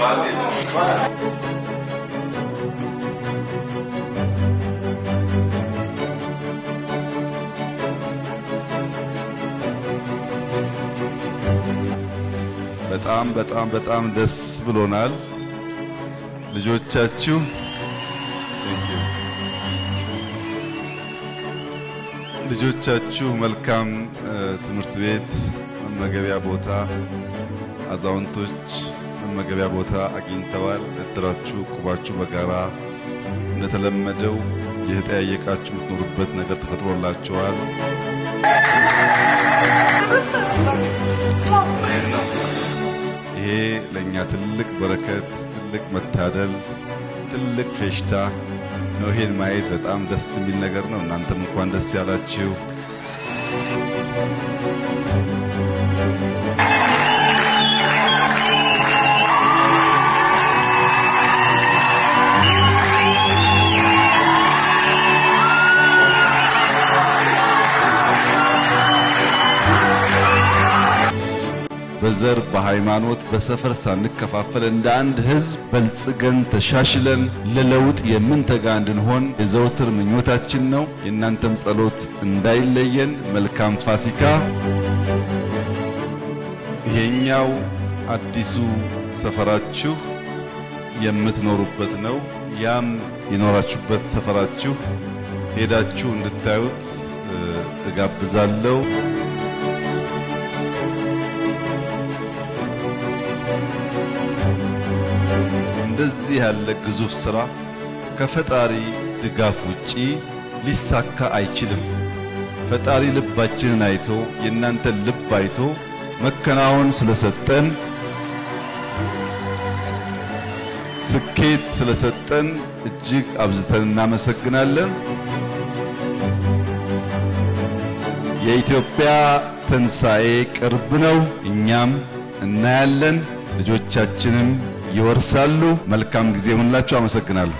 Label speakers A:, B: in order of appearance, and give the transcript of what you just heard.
A: በጣም በጣም በጣም ደስ ብሎናል። ልጆቻችሁ ልጆቻችሁ መልካም ትምህርት ቤት፣ መመገቢያ ቦታ፣ አዛውንቶች መመገቢያ ቦታ አግኝተዋል። እድራችሁ ቁባችሁ በጋራ እንደተለመደው የተጠያየቃችሁ የምትኖሩበት ነገር ተፈጥሮላችኋል። ይሄ ለእኛ ትልቅ በረከት፣ ትልቅ መታደል፣ ትልቅ ፌሽታ ነው። ይሄን ማየት በጣም ደስ የሚል ነገር ነው። እናንተም እንኳን ደስ ያላችሁ። በዘር በሃይማኖት በሰፈር ሳንከፋፈል እንደ አንድ ህዝብ በልጽገን ተሻሽለን ለለውጥ የምንተጋ እንድንሆን የዘውትር ምኞታችን ነው። የእናንተም ጸሎት እንዳይለየን። መልካም ፋሲካ። ይሄኛው አዲሱ ሰፈራችሁ የምትኖሩበት ነው። ያም የኖራችሁበት ሰፈራችሁ ሄዳችሁ እንድታዩት እጋብዛለሁ። እንደዚህ ያለ ግዙፍ ሥራ ከፈጣሪ ድጋፍ ውጪ ሊሳካ አይችልም። ፈጣሪ ልባችንን አይቶ የእናንተን ልብ አይቶ መከናወን ስለሰጠን ስኬት ስለሰጠን እጅግ አብዝተን እናመሰግናለን። የኢትዮጵያ ትንሣኤ ቅርብ ነው። እኛም እናያለን፣ ልጆቻችንም ይወርሳሉ። መልካም ጊዜ ይሁንላችሁ። አመሰግናለሁ።